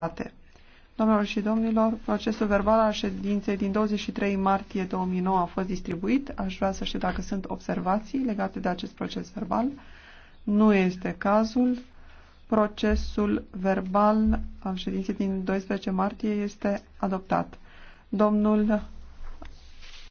date. Domnilor și domnilor, procesul verbal al ședinței din 23 martie 2009 a fost distribuit. Aș vrea să știu dacă sunt observații legate de acest proces verbal. Nu este cazul. Procesul verbal al ședinței din 12 martie este adoptat. Domnul